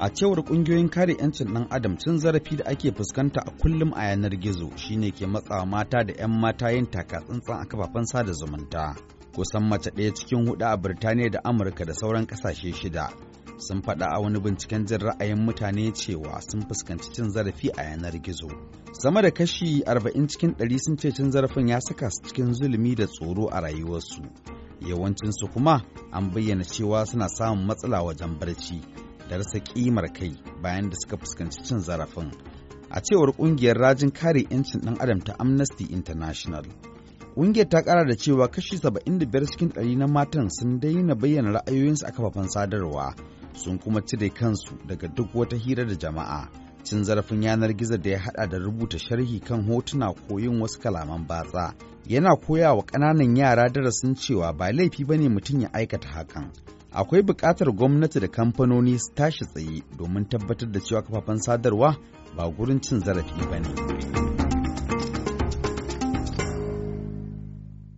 a cewar kungiyoyin kare 'yancin ɗan adam cin zarafi da ake fuskanta a kullum a yanar gizo shine ke matsawa mata da 'yan mata yin taka tsantsan a kafafen sada zumunta kusan mace ɗaya cikin hudu a birtaniya da amurka da sauran kasashe shida sun faɗa a wani binciken jin ra'ayin mutane cewa sun fuskanci cin zarafi a yanar gizo sama da kashi 40 cikin 100 sun ce cin zarafin ya saka su cikin zulumi da tsoro a rayuwarsu yawancinsu kuma an bayyana cewa suna samun matsala wajen barci da rasa kimar kai bayan da suka fuskanci cin zarafin a cewar kungiyar rajin kare 'yancin ɗan adam ta amnesty international ƙungiyar ta kara da cewa kashi 75 cikin ɗari na matan sun daina bayyana ra'ayoyinsu a kafafen sadarwa sun kuma cire kansu daga duk wata hira da jama'a cin zarafin yanar gizo da ya hada da rubuta sharhi kan hotuna ko yin wasu kalaman batsa yana koya wa ƙananan yara darasin cewa ba laifi ba ne mutum ya aikata hakan akwai buƙatar gwamnati da kamfanoni su tashi tsaye domin tabbatar da cewa kafafen sadarwa ba gurin cin zarafi ba ne.